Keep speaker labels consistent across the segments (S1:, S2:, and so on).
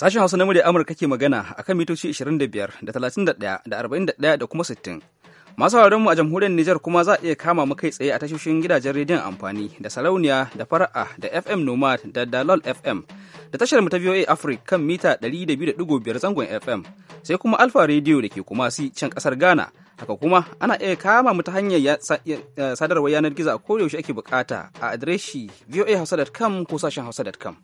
S1: Sashen Hausa na murya Amurka ke magana a kan mitoci 25 da 31 da 41 da kuma 60. Masu sauraron mu a jamhuriyar Nijar kuma za a iya kama mu kai tsaye a tashoshin gidajen rediyon amfani da sarauniya da fara'a da FM Nomad da Dalol FM da tashar mu ta VOA Africa kan mita 200.5 zangon FM sai kuma Alfa Radio da ke kuma si can kasar Ghana haka kuma ana iya kama mu ta hanyar eh, sadarwar yanar gizo a koyaushe ake bukata a adireshi voahausa.com ko sashen hausa.com.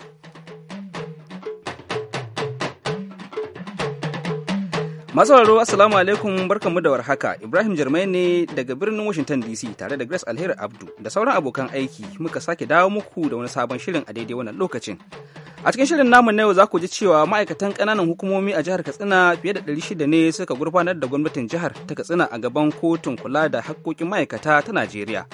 S1: Masauraro Assalamu alaikum barkanmu da warhaka. Ibrahim Jarmai ne daga birnin Washington DC tare da Grace Alheri Abdu da sauran abokan aiki muka sake dawo muku da wani sabon shirin a daidai wannan lokacin. A cikin shirin namu na yau za ku ji cewa ma'aikatan kananan hukumomi a jihar Katsina fiye da ɗari shida ne suka gurfanar da gwamnatin jihar ta Katsina a gaban kotun kula da haƙƙoƙin ma'aikata ta Najeriya.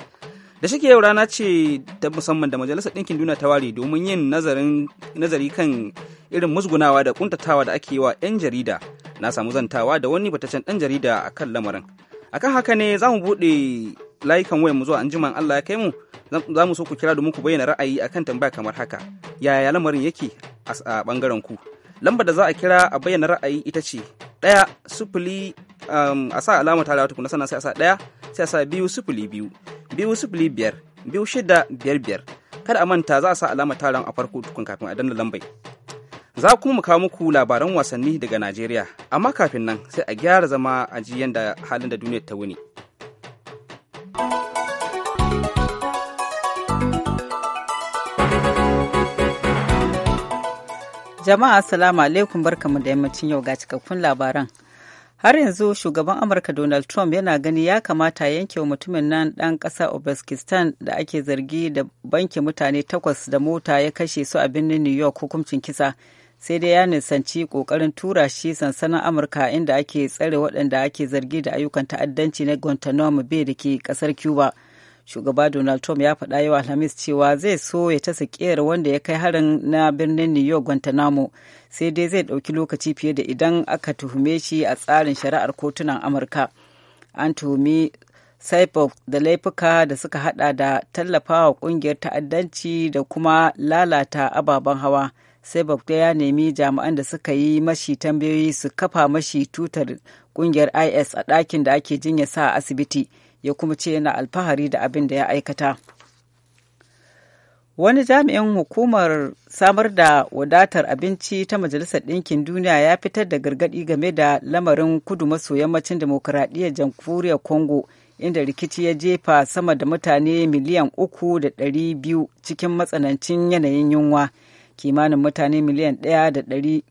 S1: Da yau rana ce ta musamman da Majalisar Ɗinkin Duniya ta ware domin yin nazari kan irin musgunawa da ƙuntatawa da ake yi wa 'yan jarida na samu zantawa da wani bataccen ɗan jarida a kan lamarin akan haka ne za mu buɗe layukan wayar mu zuwa anjiman Allah ya kai mu za mu so ku kira domin ku bayyana ra'ayi akan tambaya kamar haka yaya lamarin yake a ɓangaren ku lambar da za a kira a bayyana ra'ayi ita ce ɗaya sufuli um, a sa alama tare kuna sannan sai a sa ɗaya sai a sa biyu sufuli biyu biyu sufuli biyar biyu shida biyar biyar kada a manta za a sa alama taron a farko tukun kafin a danna lambai za ku mu kawo muku labaran wasanni daga najeriya amma kafin nan sai a gyara zama a ji yadda halin da duniyar ta wuni
S2: jama'a assalamu alaikum barkamu da yammacin yau ga cikakkun labaran har yanzu shugaban amurka donald trump yana gani ya kamata yanke wa mutumin nan ɗan ƙasa uzbekistan da ake zargi da banke mutane takwas da mota ya kashe su a birnin new york hukuncin kisa sai dai ya nisanci kokarin tura shi sansanin amurka inda ake tsare waɗanda ake zargi da ayyukan ta'addanci na guantanamo bay da ke ƙasar cuba shugaba donald trump ya faɗa yau alhamis cewa zai so ya ta sakiyar wanda ya kai harin na birnin new york guantanamo sai dai zai ɗauki lokaci fiye da idan aka tuhume shi a tsarin shari'ar kotunan amurka an tuhumi saipov da laifuka da suka hada da tallafawa ƙungiyar ta'addanci da kuma lalata ababen hawa sai babta ya nemi jami'an da suka yi mashi tambayoyi su kafa mashi tutar kungiyar is a ɗakin da ake jinya sa a asibiti ya kuma ce yana alfahari da abin da ya aikata wani jami'in hukumar samar da wadatar abinci ta majalisar ɗinkin duniya ya fitar da gargaɗi game da lamarin kudu maso yammacin demokuraɗiyyar jamhuriyar congo inda rikici ya jefa sama da mutane miliyan uku da ɗari biyu cikin matsanancin yanayin yunwa kimanin mutane miliyan ɗaya da ɗari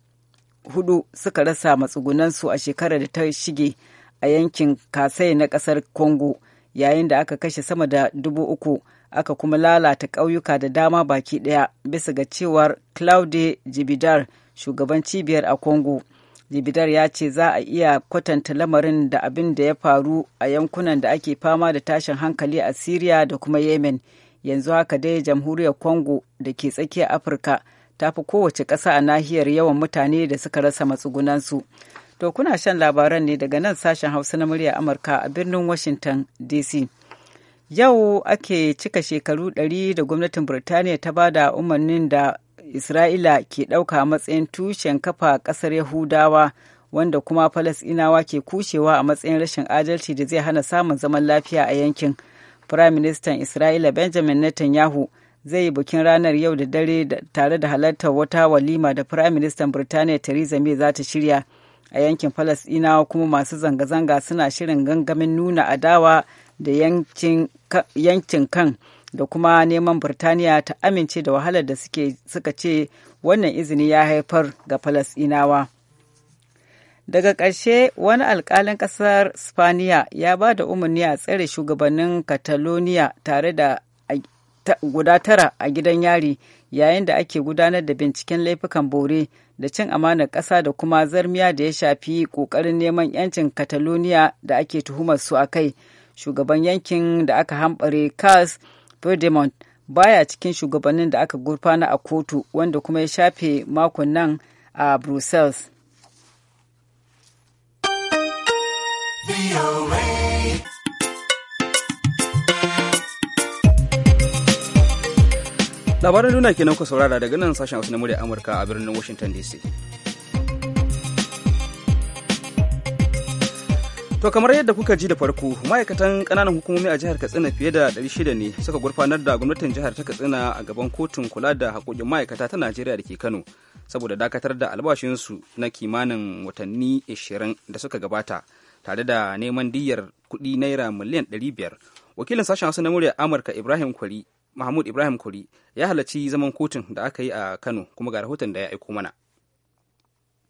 S2: hudu suka rasa matsugunansu a shekarar da ta shige a yankin kasai na ƙasar congo yayin da aka kashe sama da dubu uku aka kuma lalata ƙauyuka da dama baki ɗaya bisa ga cewar claude jibidar shugaban cibiyar a congo jibidar ya ce za a iya kwatanta lamarin da abin da ya faru a yankunan da ake fama da tashin hankali a syria da kuma yemen yanzu haka dai jamhuriyar congo da ke tsakiyar afirka ta fi kowace ƙasa a nahiyar yawan mutane da suka rasa matsugunansu. To kuna shan labaran ne daga nan sashen Hausa na murya Amurka a birnin Washington DC. Yau ake cika shekaru ɗari da gwamnatin Birtaniya ta ba da umarnin da Isra'ila ke ɗauka matsayin tushen kafa ƙasar Yahudawa wanda kuma Falasɗinawa ke kushewa a matsayin rashin adalci da zai hana samun zaman lafiya a yankin. firayim ministan Isra'ila Benjamin Netanyahu zai yi bikin ranar yau da dare tare da halartar wata walima da Firayim Ministan Birtaniya Theresa May za ta shirya. A yankin Falasɗinawa kuma masu zanga-zanga suna shirin gangamin nuna adawa da yankin kan da kuma neman Birtaniya ta amince da wahalar da suka ce wannan izini ya haifar ga Falasɗinawa. daga ƙarshe wani alkalin ƙasar spaniya ya ba da umarni a tsare shugabannin catalonia tare da guda tara a gidan yari yayin da ake gudanar da binciken laifukan bore da cin amanar ƙasa da kuma zarmiya da ya shafi ƙoƙarin neman 'yancin catalonia da ake tuhumar su a kai shugaban yankin da aka hambare cas verdemont baya cikin shugabannin da aka gurfana a kotu wanda kuma ya shafe makon nan a brussels
S1: labaran duniya kenan ku saurara daga nan sashen hausa na murya amurka a birnin washington dc To kamar yadda kuka ji da farko ma'aikatan kananan hukumomi a jihar Katsina fiye da 600 ne suka gurfanar da gwamnatin jihar ta Katsina a gaban kotun kula da haƙoƙin ma'aikata ta Najeriya da ke Kano saboda dakatar da albashinsu na kimanin watanni 20 da suka gabata tare da neman diyyar kuɗi naira miliyan 500. Wakilin sashen Hausa na murya Amurka Ibrahim Kwari mahmud ibrahim kuri ya halarci zaman kotun da aka yi a kano kuma ga rahoton da ya aiko mana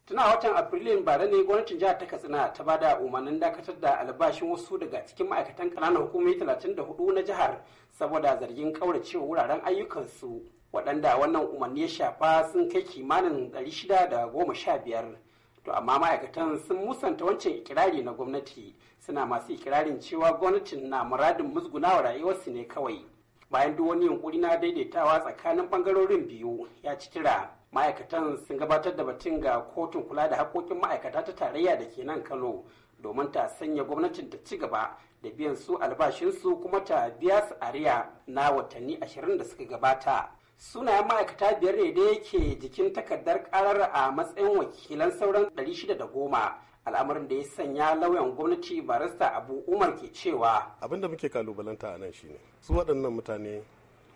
S3: tuna watan afrilun bara ne gwamnatin jihar ta katsina ta bada umarnin dakatar da albashin wasu daga cikin ma'aikatan ƙananan hukumomi 34 na jihar saboda zargin kauracewa wuraren ayyukansu waɗanda wannan umarni ya shafa sun kai kimanin 615 to amma ma'aikatan sun musanta wancan ikirari na gwamnati suna masu ikirarin cewa gwamnatin na muradin musgunawa rayuwarsu ne kawai bayan duk wani yunkuri na daidaitawa tsakanin bangarorin biyu ya ci tira ma'aikatan sun gabatar da batun ga kotun kula da haƙoƙin ma'aikata ta tarayya da ke nan kano domin ta sanya gwamnatin ta ci gaba da biyan su albashinsu kuma ta biya su ariya na watanni ashirin da suka gabata sunayen ma'aikata biyar ne da yake jikin takardar karar a matsayin wakilan sauran 610 al'amarin da ya sanya lauyan gwamnati barista abu umar ke cewa
S4: abin da muke kalubalanta a nan shine su waɗannan mutane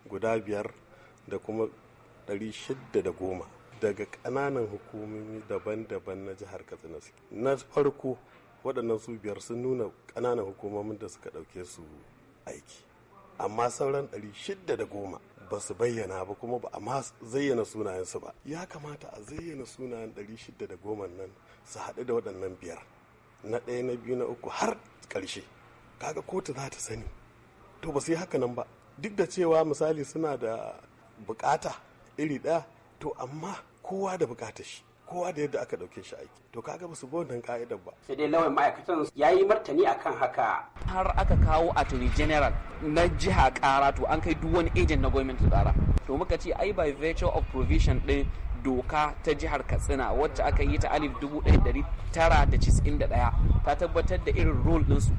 S4: guda biyar da kuma ɗari shidda da goma daga ƙananan hukumomi daban-daban na jihar katsina na farko waɗannan su biyar sun nuna ƙananan hukumomin da suka ɗauke su aiki amma sauran ɗari shidda da goma ba su bayyana ba kuma ba a ma zayyana sunayensu ba ya kamata a zayyana sunayen 610 nan su haɗu da waɗannan biyar na ɗaya na biyu na uku har ƙarshe kaga kotu za ta sani to ba su yi haka nan ba duk da cewa misali suna da bukata iri ɗaya to amma kowa da bukatar shi kowa da yadda aka dauke shi aiki to kaga basu bi
S3: ka'idar ba sai dai lawan ma'aikatan ya yi martani akan haka har aka kawo attorney general na jiha kara to an kai duk wani agent na gwamnati kara to muka ce ai by virtue of provision din doka ta jihar katsina wacce aka yi ta alif ɗaya, ta tabbatar da irin role ɗinsu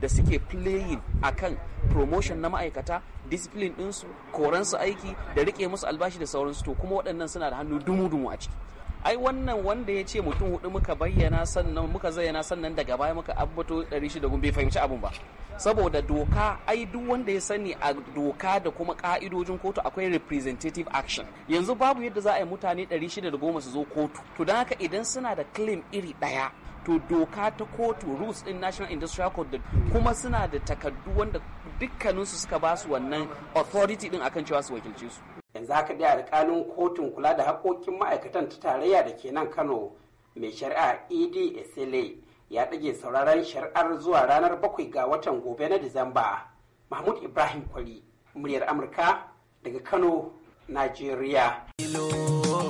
S3: da suke playing akan promotion na ma'aikata discipline ɗinsu koransu aiki da rike musu albashi da sauransu to kuma waɗannan suna da hannu dumu-dumu a ciki ai wannan wanda ya ce mutum hudu muka bayyana sannan muka zayyana sannan daga baya muka abbato 600 gun bai fahimci abun ba saboda doka ai duk wanda ya sani a doka da kuma ka'idojin kotu akwai representative action yanzu babu yadda za a yi mutane 610 su zo kotu to don haka idan suna da claim iri daya to doka ta kotu rules in national industrial code kuma suna da takaddu wanda dukkaninsu suka ba su wannan authority din akan cewa su wakilci su yanzu haka dai alkalin kotun kula da haƙoƙin ma'aikatan ta tarayya da ke nan kano mai shari'a ed esele ya ɗage sauraron shari'ar zuwa ranar bakwai ga watan gobe na disamba mahmud ibrahim kwari muryar amurka daga kano najeriya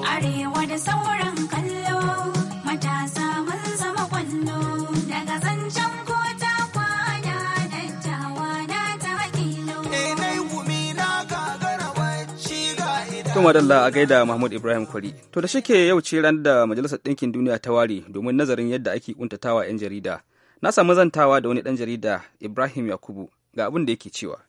S5: arewa da sauran kallo matasa mun zama kwallo daga zancen To
S1: madalla a gaida Mahmud Ibrahim Kwari. To da shike yau ce ran da Majalisar Ɗinkin Duniya ta ware domin nazarin yadda ake kuntatawa 'yan jarida. Na samu zantawa da wani ɗan jarida Ibrahim Yakubu ga abin da yake cewa.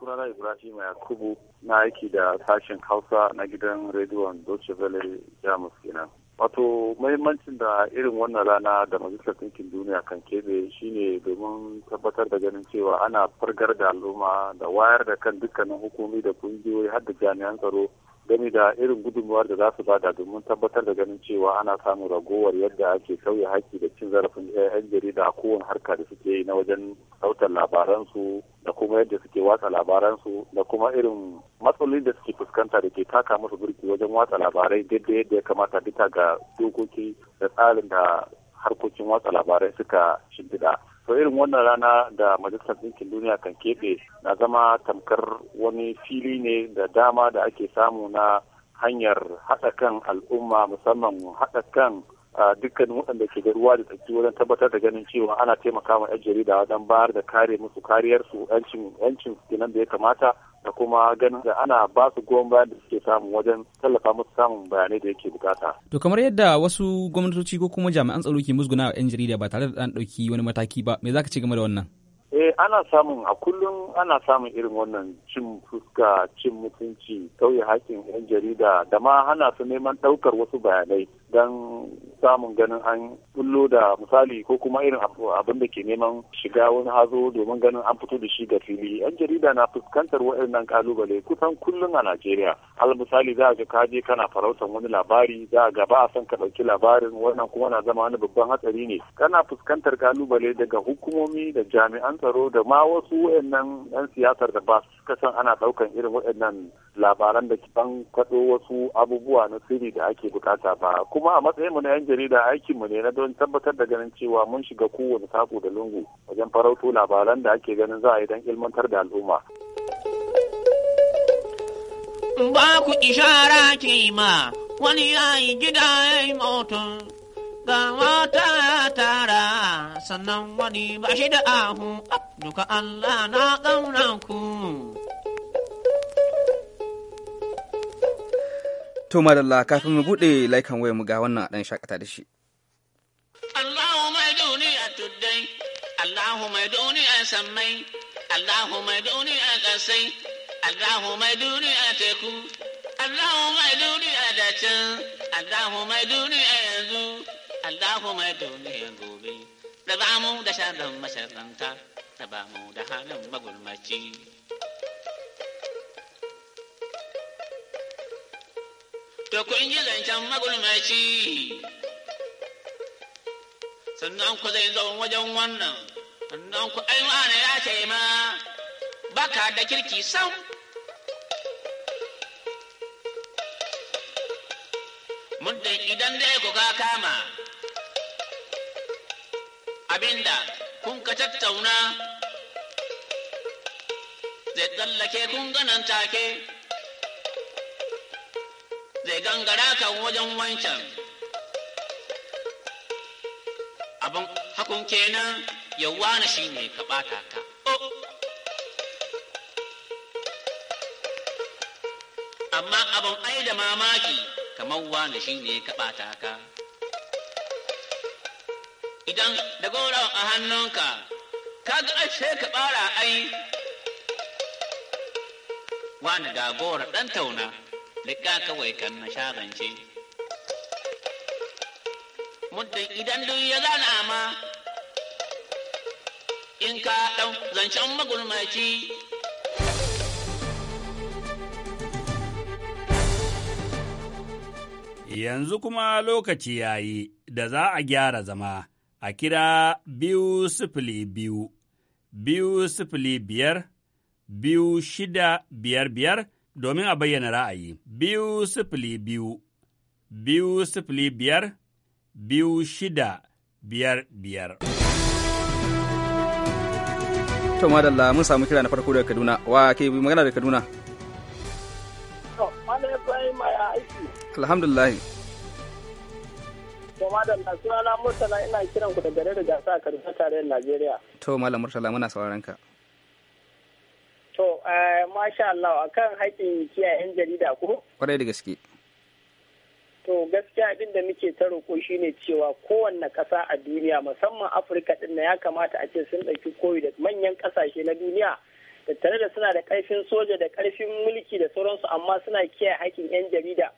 S6: Sunana Ibrahim Yakubu na aiki da sashen Hausa na gidan rediyon Deutsche Welle Jamus kenan. wato mahimmancin da irin wannan rana da majalisar ɗinkin duniya kan keɓe shine domin tabbatar da ganin cewa ana fargar da al'umma da wayar da kan dukkanin hukumi da kungiyoyi har da jami'an tsaro gami da irin gudunmuwar da za su bada domin tabbatar da ganin cewa ana samun ragowar yadda ake sauya haƙƙi da cin zarafin 'yan jarida a kowane harka da suke yi na wajen sautar labaransu da kuma yadda suke watsa labaransu da kuma irin matsalolin da suke fuskanta da ke taka musu burki wajen watsa labarai daidai yadda ya kamata bisa ga dokoki da tsarin da harkokin watsa labarai suka shimfiɗa. to irin wannan rana da majalisar ɗinkin duniya kan keɓe na zama tamkar wani fili ne da dama da ake samu na hanyar haɗa kan al'umma musamman haɗa kan dukkanin waɗanda ke da ruwa da tsaki wajen tabbatar da ganin cewa ana taimakawa yan jarida wajen bayar da kare musu kariyar su yancin yancin da ya kamata da kuma ganin da ana ba su goyon bayan da suke samu wajen tallafa musu samun bayanai da yake bukata.
S1: To kamar yadda wasu gwamnatoci ko kuma jami'an tsaro ke musguna wa yan jarida ba tare da an ɗauki wani mataki ba me zaka ci game da wannan?
S6: eh ana samun a kullum ana samun irin wannan cin fuska cin mutunci sauya hakkin yan jarida da ma hana su neman ɗaukar wasu bayanai don samun ganin an bullo da misali ko kuma irin abin da ke neman shiga wani hazo domin ganin an fito da shi ga fili yan jarida na fuskantar waɗannan kalubale kusan kullum a najeriya al misali za a ga kaje kana farautar wani labari za a ga a son ka ɗauki labarin wannan kuma na zama wani babban hatsari ne kana fuskantar kalubale daga hukumomi da jami'an tsaro da ma wasu waɗannan yan siyasar da ba suka san ana ɗaukan irin waɗannan labaran da ban kwaɗo wasu abubuwa na sirri da ake bukata ba kuma a matsayin mu na yan jarida aikin mu ne na don tabbatar da ganin cewa mun shiga kowane sako da lungu wajen farauto labaran da ake ganin za a yi don ilmantar da al'umma.
S5: Ba ku ishara ke ma wani yayi gida ya yi motar ga mata ya tara sannan wani ba shi da ahu duka Allah na ƙaunar ku.
S1: To madalla kafin mu buɗe laikan wayar mu ga wannan ɗan shakata da shi.
S5: Allahu mai duni a tuddai, Allahu mai duni a sammai, Allahu mai duni a ƙasai, Allahu mai a teku, Allahu mai a dacin, Allahu mai a yanzu, Allahu mai a gobe. Da ba mu da sharrin ranta, da ba mu da halin magulmaci. ku kun ji zancen magulmaci sannan ku zai zo wajen wannan sannan ku ma'ana ya ce ma baka da kirki sam muddin idan dai ku ka kama abinda kun ka tattauna zai tsallake kun ganan take zai gangara kan wajen wancan abin hakun kenan yawwa na shi ne ka ɓata ka amma abin ai da mamaki kamar wane shi ne ka ɓata ka idan da goron a hannunka ka ga ashe ka ɓara ai wani da gora ɗan tauna riga kawai kan na sha muddin idan duk ya zana ma in ka ɗau zancen magulmaci
S7: yanzu kuma lokaci ya yi da za a gyara zama a kira biyu sifili biyu, biyu sifili biyar, biyu shida biyar biyar domin a bayyana ra'ayi. Biyu sifili biyu, biyu sifili biyar, biyu shida
S1: biyar biyar. To madalla mun samu kira na farko daga Kaduna. Wa ke magana da Kaduna?
S8: To Ibrahim
S9: ya aiki. Alhamdulillah. To madalla Murtala
S7: ina kiran ku gare da gasa a Kaduna tarayyar Najeriya.
S1: To malam Murtala muna sauranka. ka.
S7: To, eh, masha Allah, akan haƙƙin yan jarida ko? Kwarai da gaske. To, gaskiya abin da muke ta roƙo shine cewa kowanne ƙasa a duniya, musamman Afirka ɗin na ya kamata a ce sun ɗauki koyi da manyan ƙasashe na duniya. Tattare da suna da ƙarfin soja da ƙarfin mulki da sauransu, amma suna kiyaye haƙƙin 'yan jarida.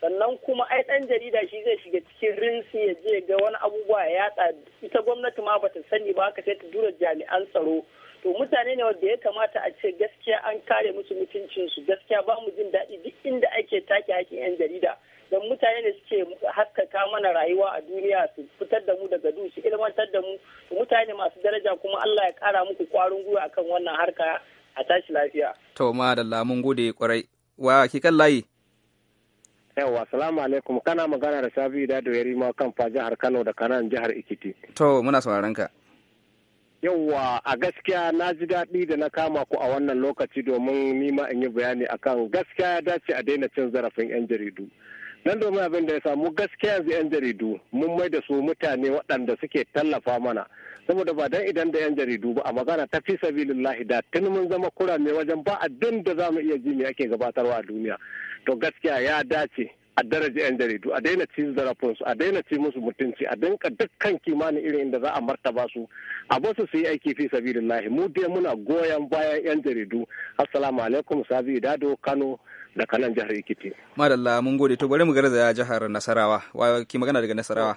S7: sannan kuma ai ɗan jarida shi zai shiga cikin rinsi ya je ga wani abubuwa ya yatsa ita gwamnati ma bata sani ba haka sai ta dura jami'an tsaro to mutane ne wanda ya kamata a ce gaskiya an kare musu mutuncinsu gaskiya ba mu jin daɗi duk inda ake take hakin 'yan jarida don mutane ne suke haskaka mana rayuwa a duniya su fitar da mu daga duhu su ilmantar da mu mutane masu daraja kuma Allah ya kara muku kwarin gwiwa akan wannan harka a tashi lafiya
S1: to da lamun gode kwarai wa ki kan layi
S9: yawa salamu alaikum kana magana da sabi da doyari ma kan fa jihar Kano da kanan
S1: jihar ikiti. to muna sauraron ka
S9: Yauwa a gaskiya na ji daɗi da na kama ku a wannan lokaci domin nima in yi bayani akan gaskiya ya dace a daina cin zarafin 'yan jaridu. Nan domin abin da ya samu gaskiya yanzu 'yan jaridu mun mai da su mutane waɗanda suke tallafa mana. Saboda ba dan idan da 'yan jaridu ba a magana ta fi sabilillahi da tun mun zama kurame wajen ba a da za mu iya ji me ake gabatarwa a duniya. To gaskiya ya dace a daraja 'yan jaridu a daina ci su a daina ci musu mutunci a dinka dukkan kimanin irin da za a martaba su a basu su yi aiki fi sabilillahi mu dai muna goyon bayan 'yan jaridu assalamu alaikum sabi dado kano da kanan jihar ekiti
S1: madalla mun gode to bari mu ya jihar nasarawa wa ki magana daga nasarawa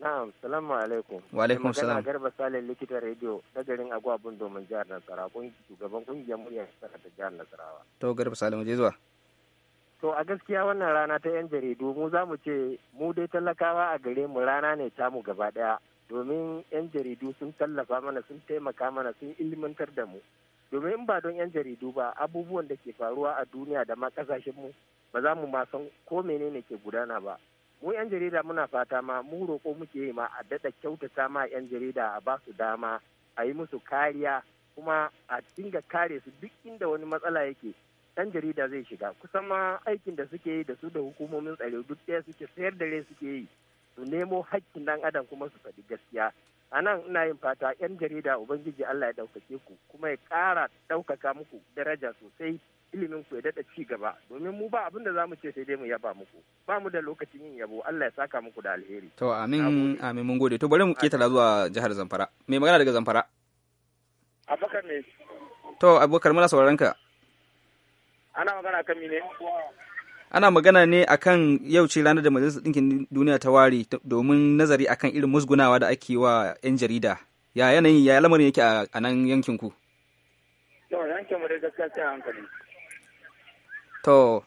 S10: na'am salamu alaikum wa alaikum salam garba salin likitan rediyo na garin bundo domin jihar nasarawa shugaban kungiyar muryar da jihar nasarawa
S1: to garba salim je zuwa
S10: To a gaskiya wannan rana ta 'yan jaridu mu za mu ce mu dai talakawa a gare mu rana ne ta mu gaba ɗaya domin 'yan jaridu sun tallafa mana sun taimaka mana sun ilmantar da mu. Domin in ba don 'yan jaridu ba abubuwan da ke faruwa a duniya da ma kasashen mu ba za mu ma san ko menene ke gudana ba. Mu 'yan jarida muna fata ma mu roƙo muke yi ma a daɗa kyautata ma 'yan jarida a ba su dama a yi musu kariya kuma a dinga kare su duk inda wani matsala yake ɗan jarida zai shiga kusan ma aikin da suke yi da su da hukumomin tsaro duk ɗaya suke sayar da rai suke yi su nemo hakkin ɗan adam kuma su faɗi gaskiya a nan ina yin fata 'yan jarida ubangiji allah ya ɗaukake ku kuma ya ƙara ɗaukaka muku daraja sosai ilimin ku ya daɗa ci gaba domin mu ba abin da zamu ce sai dai mu yaba muku ba mu da lokacin yin yabo Allah ya saka muku da alheri
S1: to amin amin mun gode to bari mu ketara zuwa jihar Zamfara mai magana daga Zamfara Abubakar ne to Abubakar muna sauraron ka
S9: ana magana kan mine
S1: ana magana ne akan yau ce ranar da majalisar ɗinkin duniya ta ware domin nazari akan irin musgunawa da ake wa 'yan jarida ya yanayin ya lamarin yake a nan yankin ku
S10: to yankin mu gaskiya sai hankali
S1: to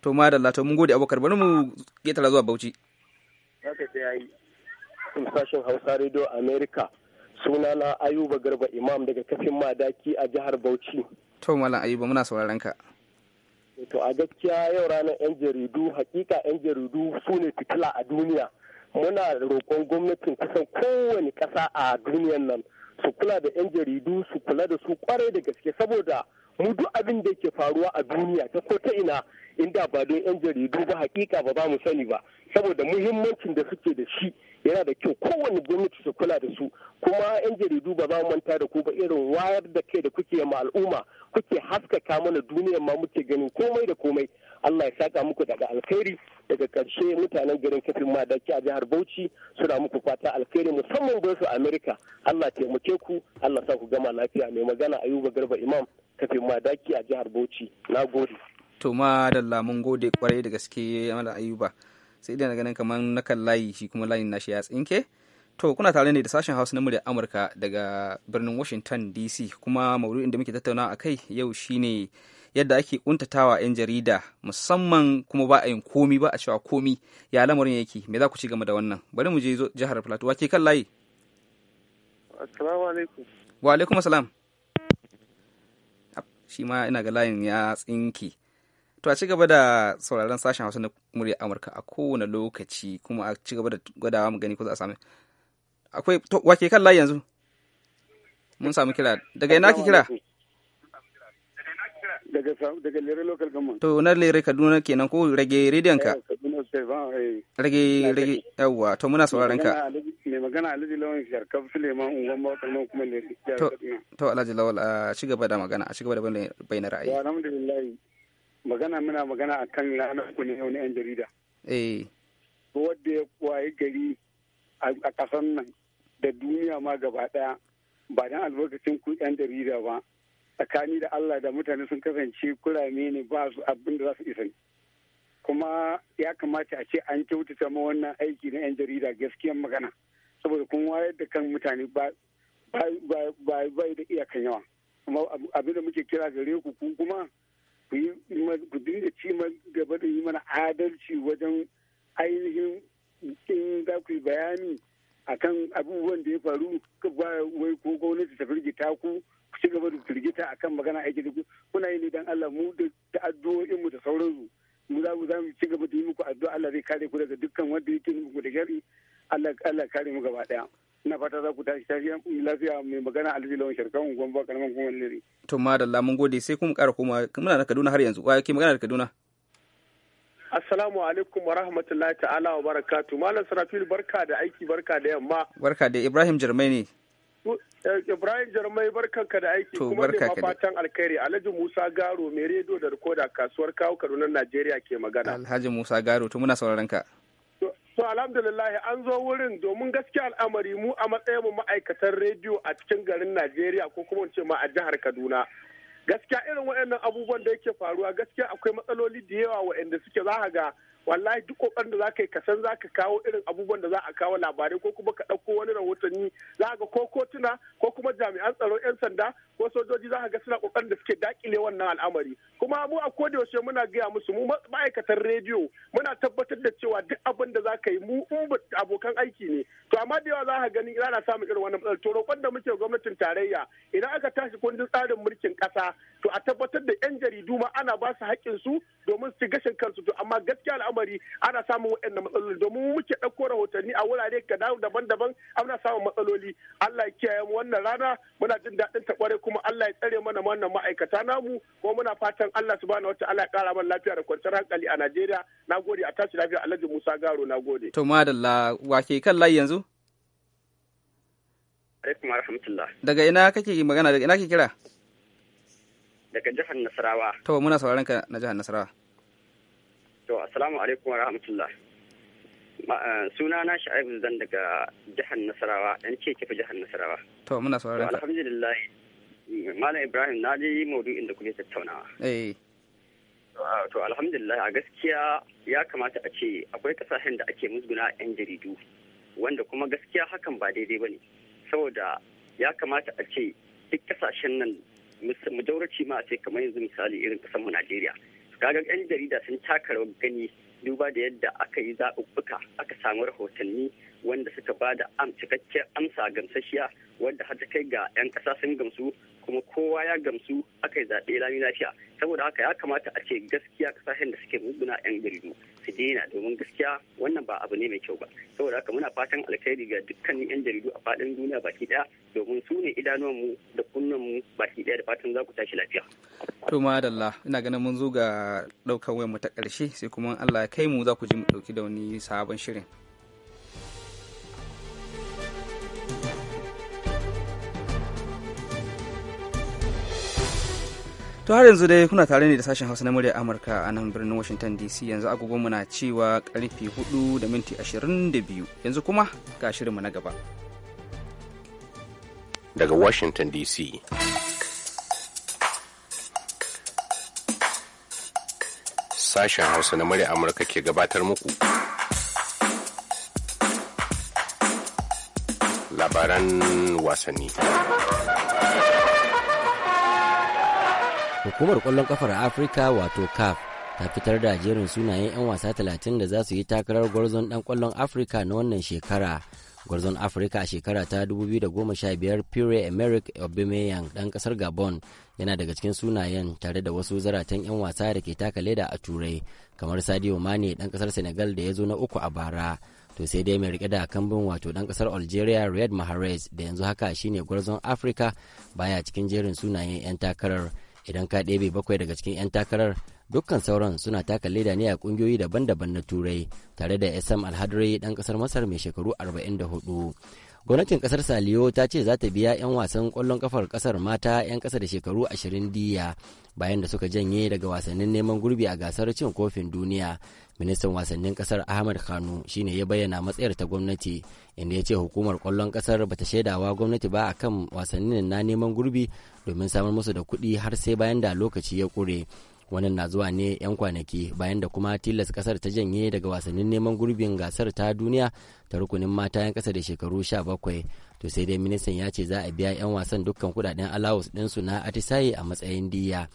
S1: to madalla to mun gode abokar bari mu getara zuwa bauchi
S10: haka sai yayi
S9: sashen hausa radio america sunana ayuba garba imam daga kafin madaki a jihar bauchi
S1: to malam ayuba muna sauraron ka
S9: to a gaskiya yau ranar yan jaridu hakika yan jaridu su ne fitila a duniya muna roƙon gwamnatin kusan kowane ƙasa a duniyan nan su kula da yan jaridu su kula da su kwarai da gaske saboda mu duk abin da ke faruwa a duniya ta ko ta ina inda ba don yan jaridu ba hakika ba za mu sani ba saboda muhimmancin da suke da shi yana da kyau kowane gwamnati su kula da su kuma yan jaridu ba za mu manta da ku ba irin wayar da kai da kuke ma al'umma kuke haskaka mana duniyar ma muke ganin komai da komai Allah ya saka muku daga alkhairi daga karshe mutanen garin kafin ma madaki a jihar Bauchi suna muku fata alkhairi musamman Voice Amerika Allah taimake ku Allah sa ku gama lafiya mai magana Ayuba Garba Imam kafin ma daki a jihar Bauchi na gode
S1: to ma da lamun gode kwarai da gaske mala Ayuba sai idan ganin kamar na kan layi shi kuma layin nashi ya tsinke to kuna tare ne da sashen hausa na muryar amurka daga birnin washington dc kuma maudu'in da muke tattauna a kai yau shine yadda ake kuntatawa 'yan jarida musamman kuma ba a yin komi ba a cewa komi ya lamarin yake me za ku ci game da wannan bari mu je jihar plateau wake kan layi assalamu alaikum wa alaikum assalam shi ma ina ga layin ya tsinki to a ci gaba da sauraron sashen hausa na murya amurka a kowane lokaci kuma a ci gaba da gwadawa mu gani ko za a samu? akwai wake kan layi yanzu mun samu kira daga ina ki kira
S8: daga daga lere local government
S1: to na lere kaduna kenan ko rage radion ka
S8: eh, eh.
S1: rage rage yawa to muna sauraron ka
S8: mai magana alhaji lawan sharkaf suleiman ungon ba kalman kuma ne to
S1: to alhaji lawal a ci gaba da magana a ci gaba da bayyana ra'ayi
S8: alhamdulillah magana muna magana akan lana ku ne yau na yan jarida eh wanda ya kwaye gari a kasan nan da duniya ma gaba daya ba dan albarkacin ku yan jarida ba tsakani da Allah da mutane sun kasance kurame ne ba su abin da za su isa kuma ya kamata a ce an kyautata ma wannan aiki na 'yan jarida gaskiyan magana saboda kun wayar da kan mutane ba ba da iyakan yawa kuma abin da muke kira gare ku ku kuma ku dinga ci gaba da yi mana adalci wajen ainihin in za ku yi bayani akan abubuwan da ya faru wai ko gwamnati ta firgita ku ci gaba da firgita kan magana aiki da kuna yi ne dan Allah mu da addu'o'in mu da sauransu mu za mu za mu ci gaba da yi muku addu'a Allah zai kare ku daga dukkan wanda yake muku da gari Allah Allah kare mu gaba daya ina fata za ku tashi tashi lafiya mai magana alhaji lawan sharkan ba karaman kuma liri
S1: to madalla mun gode sai kuma kara koma muna na Kaduna har yanzu ke magana da Kaduna
S4: Assalamu alaikum wa rahmatullahi ta'ala wa barakatu. Malam Sarafil barka da aiki barka da yamma.
S1: Barka da Ibrahim Jirmai ne.
S4: Ibrahim Jarmai barkanka da aiki kuma ne mafatan alkhairi Alhaji Musa Garo mai rediyo da rikoda kasuwar kawo Kaduna Najeriya ke magana.
S1: Alhaji Musa Garo to muna sauraron ka.
S4: To alhamdulillah an zo wurin domin gaskiya al'amari mu a matsayin mu ma'aikatan rediyo a cikin garin Najeriya ko kuma ce ma a jihar Kaduna. Gaskiya irin waɗannan abubuwan da yake faruwa gaskiya akwai matsaloli da yawa waɗanda suke za ga wallahi duk kokarin da za ka yi ka san za ka kawo irin abubuwan da za a kawo labarai ko kuma ka ɗauko wani rahotanni za ga ko kotuna ko kuma jami'an tsaro 'yan sanda ko sojoji za ka ga suna kokarin da suke dakile wannan al'amari kuma mu a yaushe muna gaya musu mu ma'aikatan rediyo muna tabbatar da cewa duk abin da za ka yi mu abokan aiki ne to amma da yawa za ka gani ana samun irin wannan matsalar to roƙon da muke gwamnatin tarayya idan aka tashi kundin tsarin mulkin ƙasa to a tabbatar da 'yan jaridu ma ana ba su haƙƙinsu domin su gashin kansu to amma gaskiya al'amari al'amari ana samun waɗannan matsaloli domin muke ɗauko rahotanni a wurare ka daban-daban ana samun matsaloli Allah ya kiyaye mu wannan rana muna jin daɗin ta kware kuma Allah ya tsare mana wannan ma'aikata namu kuma muna fatan Allah subhanahu wataala ya ƙara mana lafiya da kwanciyar hankali a Najeriya nagode a tashi lafiya Alhaji Musa Garo nagode to
S1: madalla wake kan layi yanzu
S7: alaikum warahmatullah
S1: daga ina kake magana daga ina kake kira
S7: daga jihar Nasarawa
S1: to muna sauraron ka na jihar Nasarawa
S7: To, assalamu alaikum wa rahmatullah. Eh, Suna na sha'ibu zan daga jihar Nasarawa, ɗan ce kifi jihar Nasarawa.
S1: To, muna sauraron ka.
S7: Alhamdulillah, Malam Ibrahim na ji maudu inda kuke tattaunawa. Eh. Ah, to, alhamdulillah a gaskiya ya kamata a ce akwai kasashen da ake musguna 'yan jaridu, wanda kuma gaskiya hakan ba daidai ba ne. Saboda ya kamata a ce duk kasashen nan mu daurace ma a ce kamar yanzu misali irin mu Najeriya. kaga yan jarida sun taka rawar gani duba da yadda aka yi zaɓuɓɓuka aka samu rahotanni wanda suka ba da cikakken amsa gamsashiya wadda har ta kai ga 'yan ƙasa sun gamsu kuma kowa ya gamsu aka yi zaɓe rami lafiya saboda haka ya kamata a ce gaskiya ƙasashen da suke muguna 'yan garibu su daina domin gaskiya wannan ba abu ne mai kyau ba saboda haka muna fatan alkhairi ga dukkanin 'yan jaridu a faɗin duniya baki ɗaya domin su ne idanuwanmu da kunnenmu baki ɗaya da fatan za ku tashi lafiya.
S1: to ina ganin mun zo ga ɗaukan wayanmu ta ƙarshe sai kuma Allah ya kai mu za ku ji mu ɗauki da wani sabon shirin. To har yanzu dai kuna tare ne da sashen Hausa na murya Amurka a nan birnin Washington DC yanzu agogonmu na cewa karfe 4 da minti 22 yanzu kuma ga shirin mu na gaba. Daga Washington DC.
S9: sashen hausa na murya amurka ke gabatar muku labaran wasanni
S11: hukumar kwallon kafar afirka wato caf ta fitar da jerin sunayen 'yan wasa 30 da za su yi takarar gwarzon dan kwallon afirka na wannan shekara gwarzon afirka a shekara ta 2015 pierre emerick aubameyang dan kasar gabon yana daga cikin sunayen tare da wasu zaratan 'yan wasa da ke taka leda a turai kamar sadio mane dan kasar senegal da ya zo na uku a bara to sai dai mai rike da kambin wato dan kasar algeria red mahrez da yanzu haka shine gwarzon afirka baya cikin jerin sunayen 'yan takarar idan ka ɗebe bakwai daga cikin 'yan takarar dukkan sauran suna taka leda ne a kungiyoyi daban-daban na turai tare da sm alhadri dan kasar masar mai shekaru 44 gwamnatin kasar saliyo ta ce za ta biya 'yan wasan kwallon kafar kasar mata 'yan kasa da shekaru 20 diya bayan da suka janye daga wasannin neman gurbi a gasar cin kofin duniya ministan wasannin kasar ahmad kanu shine ya bayyana matsayar ta gwamnati inda ya ce hukumar kwallon kasar bata shaidawa gwamnati ba a kan wasannin na neman gurbi domin samar musu da kuɗi har sai bayan da lokaci ya kure. wannan na zuwa ne 'yan kwanaki bayan da kuma tilas kasar ta janye daga wasannin neman gurbin gasar ta duniya ta rukunin mata 'yan kasa da shekaru 17 to sai dai ministan ya ce za a biya 'yan wasan dukkan kudaden alawus ɗinsu na atisaye a matsayin diya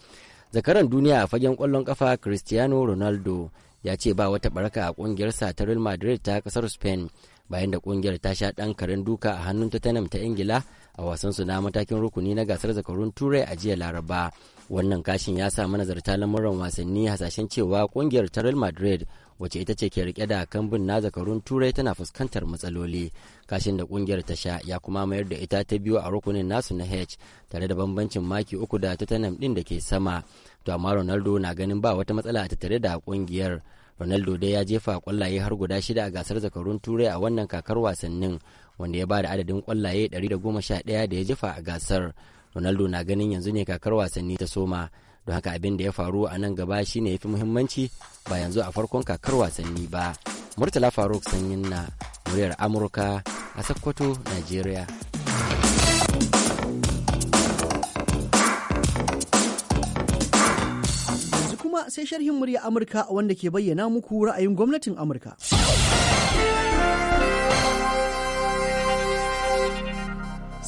S11: zakaran duniya a fagen kwallon kafa cristiano ronaldo ya ce ba wata baraka a kungiyarsa ta real madrid ta kasar spain bayan da kungiyar ta sha ɗan karen duka a hannun tottenham ta ingila a wasansu na matakin rukuni na gasar zakarun turai a jiya laraba wannan kashin ya sa manazarta lamuran wasanni hasashen cewa kungiyar ta real madrid wacce ita ce ke rike da kambun na zakarun turai tana fuskantar matsaloli kashin da kungiyar ta sha ya kuma mayar da ita ta biyu a rukunin nasu na h tare da bambancin maki uku da tottenham din da ke sama to amma ronaldo na ganin ba wata matsala a tattare da kungiyar ronaldo dai ya jefa kwallaye har guda shida a gasar zakarun turai a wannan kakar wasannin wanda ya ba da adadin kwallaye 111 da ya jefa a gasar ronaldo na ganin yanzu ne kakar wasanni ta soma don haka abin da ya faru a nan gaba shine ya fi muhimmanci ba yanzu a farkon kakar wasanni ba murtala faruk sanyin na muryar amurka a sakkwato nigeria
S12: yanzu kuma sai sharhin murya amurka wanda ke bayyana muku ra'ayin gwamnatin amurka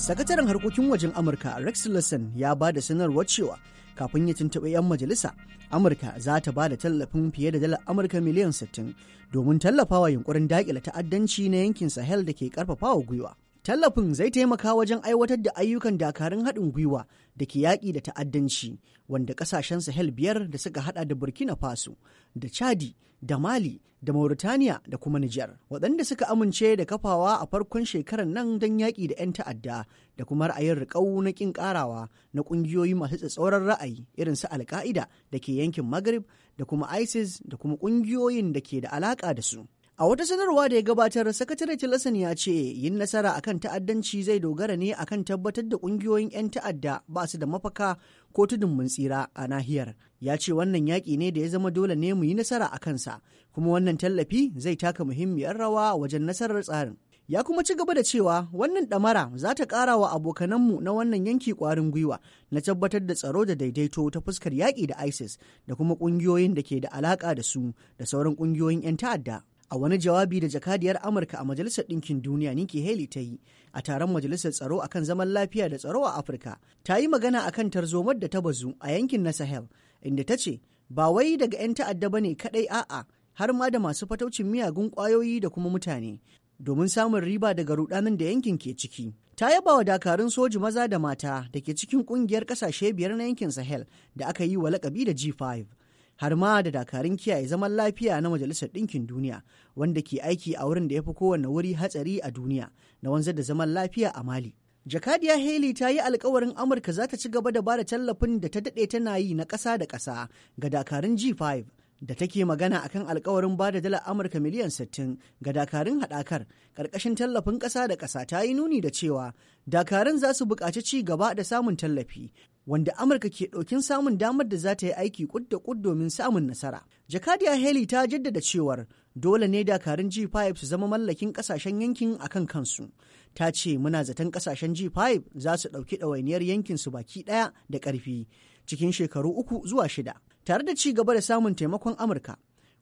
S12: sakataren harkokin wajen amurka rex tillerson ya ba da sanarwar cewa kafin ya tuntuɓi 'yan majalisa amurka za ta ba da tallafin fiye da dalar amurka miliyan 60 domin tallafawa yunkurin daƙila ta'addanci na yankin sahel da ke ƙarfafawa gwiwa Tallafin zai taimaka wajen aiwatar da ayyukan dakarun haɗin gwiwa da ke yaƙi da ta'addanci wanda ƙasashen Sahel biyar da suka haɗa da Burkina Faso da Chadi da Mali da Mauritania da kuma Nijar waɗanda suka amince da kafawa a farkon shekarar nan don yaƙi da 'yan ta'adda da kuma ra'ayin riƙau na ƙin ƙarawa na ƙungiyoyi masu tsatsauran ra'ayi irin su Alƙa'ida da ke yankin Maghrib da kuma ISIS da kuma ƙungiyoyin da ke da alaƙa da su. A wata sanarwa da ya gabatar, sakatare Tillerson ya ce yin nasara akan ta'addanci zai dogara ne akan tabbatar da ƙungiyoyin 'yan ta'adda ba su da mafaka ko tudun mun tsira a nahiyar. Ya ce wannan yaƙi ne da ya zama dole ne mu yi nasara a kansa, kuma wannan tallafi zai taka muhimmiyar rawa wajen nasarar tsarin. Ya kuma ci gaba da cewa wannan ɗamara za ta ƙara wa abokananmu na wannan yanki ƙwarin gwiwa na tabbatar da tsaro da daidaito ta fuskar yaƙi da ISIS da kuma ƙungiyoyin da ke da alaƙa da su da sauran ƙungiyoyin 'yan ta'adda. a wani jawabi da jakadiyar amurka a majalisar ɗinkin duniya nike haley ta yi a taron majalisar tsaro akan zaman lafiya da tsaro a afirka ta yi magana akan tarzomar da ta bazu a yankin na sahel inda ta ce ba wai daga 'yan ta'adda ba ne kaɗai a'a har ma da masu fataucin miyagun ƙwayoyi da kuma mutane domin samun riba daga rudanin da yankin ke ciki ta yaba wa dakarun soji maza da mata da ke cikin kungiyar kasashe biyar na yankin sahel da aka yi wa lakabi da g5 har ma da dakarun kiyaye zaman lafiya na Majalisar Ɗinkin Duniya wanda ke aiki a wurin da ya fi kowane wuri hatsari a duniya na wanzar da zaman lafiya a Mali. Jakadiya Haley ta yi alkawarin Amurka za ta ci gaba da bada tallafin da ta daɗe tana yi na ƙasa da ƙasa ga dakarun G5 da take magana akan alkawarin ba da dala Amurka miliyan 60 ga dakarun haɗakar ƙarƙashin tallafin ƙasa da ƙasa ta yi nuni da cewa dakarun za su buƙaci ci gaba da samun tallafi wanda Amurka ke ɗaukin samun damar da za ta yi aiki kudda da kud domin samun nasara. Jakadiya Haley ta jaddada cewar dole ne dakarun G5 su zama mallakin kasashen yankin akan kansu. Ta ce muna zaton kasashen G5 za su ɗauki ɗawainiyar yankin su baki ɗaya da ƙarfi cikin shekaru uku zuwa shida. Tare da ci gaba da samun taimakon Amurka,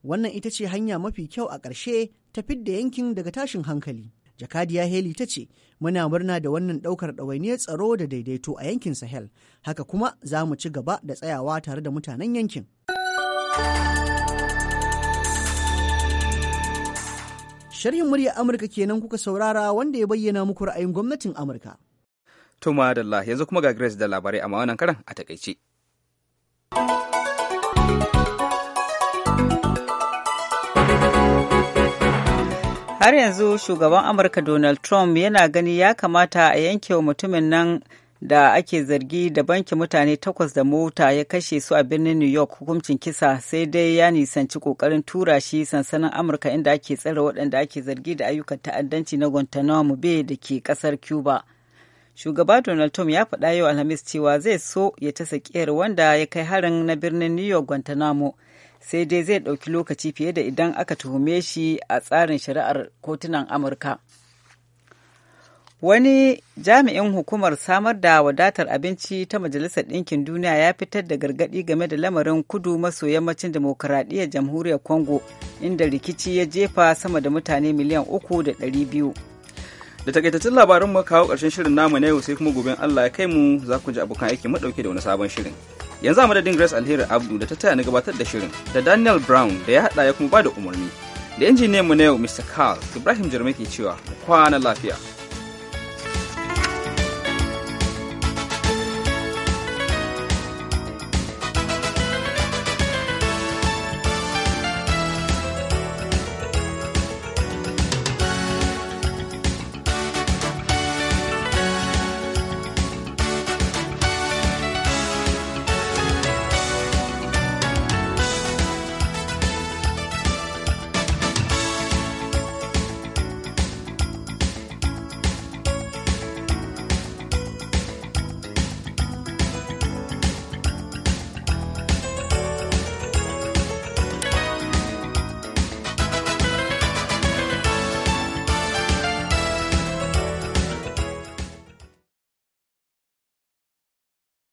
S12: wannan ita ce hanya mafi kyau a ƙarshe ta fidda yankin daga tashin hankali. jakadiya heli ta ce muna murna da wannan ɗaukar ɗawainiyar tsaro da daidaito a yankin sahel haka kuma za mu ci gaba da tsayawa tare da mutanen yankin sharhin murya amurka kenan kuka saurara wanda ya bayyana muku ra'ayin gwamnatin amurka
S1: to yanzu kuma ga grace da labarai a wannan karan a takaice
S2: har yanzu shugaban amurka donald trump yana gani ya kamata a yanke wa mutumin nan da ake zargi da banki mutane takwas da mota ya kashe su a birnin new york hukuncin kisa sai dai ya nisanci kokarin tura shi sansanin amurka inda ake tsare waɗanda ake zargi da ayyukan ta'addanci na guantanamo bay da ke ƙasar cuba shugaba donald trump ya faɗa yau alhamis cewa zai so ya tasa sakiyar wanda ya kai harin na birnin new york guantanamo sai dai zai ɗauki lokaci fiye da idan aka tuhume shi a tsarin shari'ar kotunan amurka wani jami'in hukumar samar da wadatar abinci ta majalisar ɗinkin duniya ya fitar da gargaɗi game da lamarin kudu maso yammacin demokuraɗiyyar jamhuriyar congo inda rikici ya jefa sama da mutane miliyan uku da ɗari biyu
S1: da takaitattun labarin mu kawo ƙarshen shirin namu na yau sai kuma gobe Allah ya kai mu za ku ji abokan aiki mu dauke da wani sabon shirin yanzu a madadin Grace Alheri Abdu da ta taya ni gabatar da shirin da Daniel Brown da ya hada ya kuma ba da umarni da injiniyan mu na yau Mr. Carl Ibrahim Jarmai ke cewa kwana lafiya